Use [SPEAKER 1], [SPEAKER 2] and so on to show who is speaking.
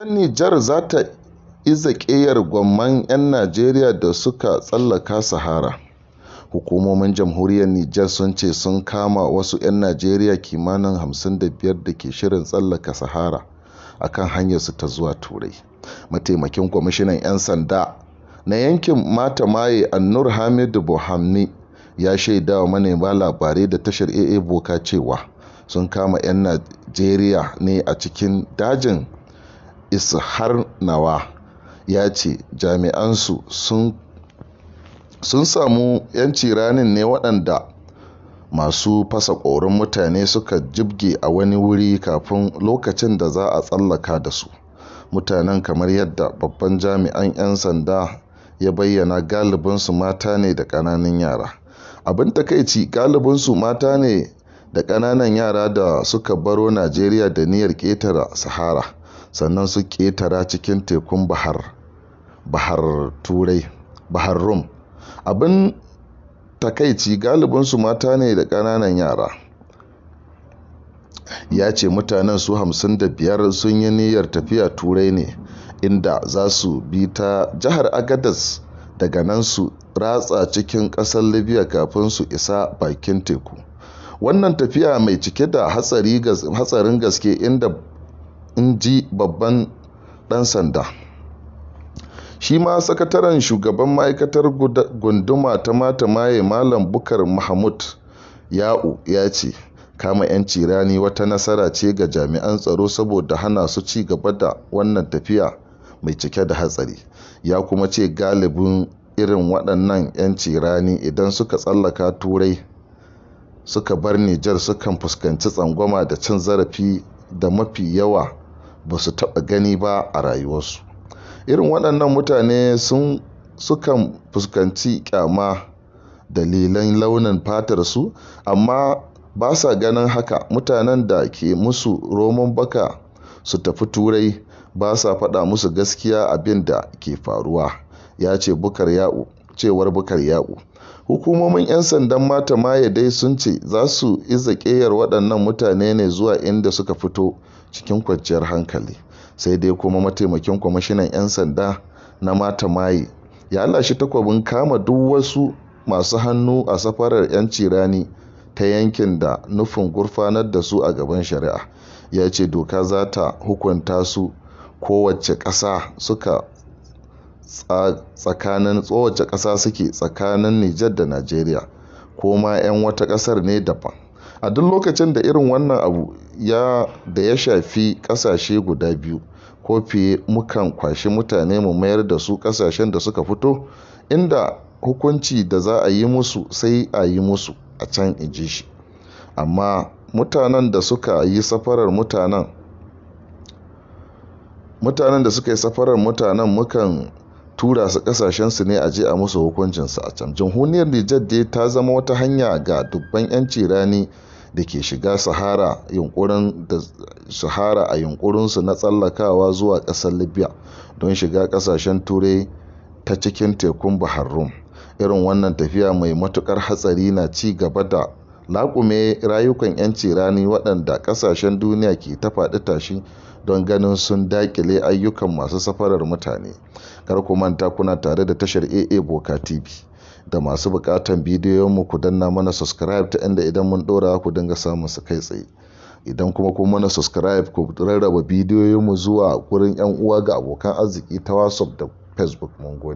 [SPEAKER 1] Yan Nijar za ta iza ƙeyar gwamman 'yan Najeriya da suka tsallaka Sahara Hukumomin jamhuriyar Nijar sun ce sun kama wasu 'yan Najeriya kimanin 55 da ke shirin tsallaka Sahara a kan hanyarsu ta zuwa Turai. Mataimakin Kwamishinan 'Yan Sanda na yankin mata Matamaye Annur hamidu Buhamni ya shaida wa manema labarai da tashar AA Boka cewa, sun kama 'yan najeriya ne a cikin dajin Isharnawa ya ce jami'ansu sun samu yanci ranin ne waɗanda masu fasa ƙorin mutane suka jibge a wani wuri kafin lokacin da za a tsallaka da su. Mutanen, kamar yadda babban jami'an ‘yan sanda ya bayyana, galibinsu mata ne da ƙananan yara. Abin takaici, galibinsu mata ne da ƙananan yara da suka baro Najeriya da niyyar ƙetare Sahara. sannan su ƙetara cikin tekun bahar bahar turai bahar rum abin takaici galibinsu mata ne da ƙananan yara ya ce mutanen su hamsin da biyar sun yi niyyar tafiya turai ne inda za su bi ta jihar agadas daga nan su ratsa cikin ƙasar libya kafin su isa bakin teku wannan tafiya mai cike da hatsarin gaske inda in ji babban ɗan sanda shi ma sakataren shugaban ma'aikatar gunduma ta mata maye malam bukar mahmud ya'u ya ce kama yan cirani wata nasara ce ga jami'an tsaro saboda hana su ci gaba da wannan tafiya mai cike da hatsari ya kuma ce galibin irin waɗannan yan cirani idan suka tsallaka turai suka bar nijar sukan fuskanci tsangwama da cin zarafi da mafi yawa ba su taɓa gani ba a rayuwarsu irin waɗannan mutane sun sukan fuskanci kyama dalilan launin fatarsu amma ba sa ganin haka mutanen da ke musu roman baka su tafi turai ba sa faɗa musu gaskiya abin da ke faruwa ya ce bukar ya'u cewar bukar ya'u Hukumomin ‘yan sandan maye dai sun ce za su iza ƙeyar waɗannan mutane ne zuwa inda suka fito cikin kwanciyar hankali, sai dai kuma mataimakin kwamishinan ‘yan sanda na mata maye ya lashe takwabin kama duk wasu masu hannu a safarar ‘yan cirani ta yankin da nufin gurfanar da su a gaban shari'a, ya ce doka za ta hukunta su kowace ƙasa suka tsakanin tsowace ƙasa suke tsakanin Nijar da Najeriya ko ma 'yan wata ƙasar ne daban. A duk lokacin da irin wannan abu ya da ya shafi ƙasashe guda biyu ko fiye mukan kwashi mutane mu mayar da su ƙasashen da suka fito inda hukunci da za a yi musu sai a yi musu a can inji shi. Amma mutanen da suka yi safarar mutanen mutanen da suka yi safarar mutanen mukan tura su kasashensu ne a je a musu hukuncinsu a can jamhuriyar nijar dai ta zama wata hanya ga dubban 'yanci rani da ke shiga sahara yunkurin da sahara a yunkurinsu na tsallakawa zuwa ƙasar libya don shiga ƙasashen turai ta cikin tekun bahar irin wannan tafiya mai matukar hatsari na ci gaba da laƙume rayukan 'yan rani waɗanda ƙasashen duniya ke ta faɗi tashi don ganin sun daƙile ayyukan masu safarar mutane. Kar ku manta kuna tare da tashar AA Boka TV. Da masu buƙatan bidiyonmu ku danna mana subscribe ta inda idan mun ɗora ku dinga samun su kai tsaye. Idan kuma kuma mana subscribe ku rarraba bidiyoyinmu zuwa gurin 'yan uwa ga abokan arziki ta WhatsApp da Facebook mun gode.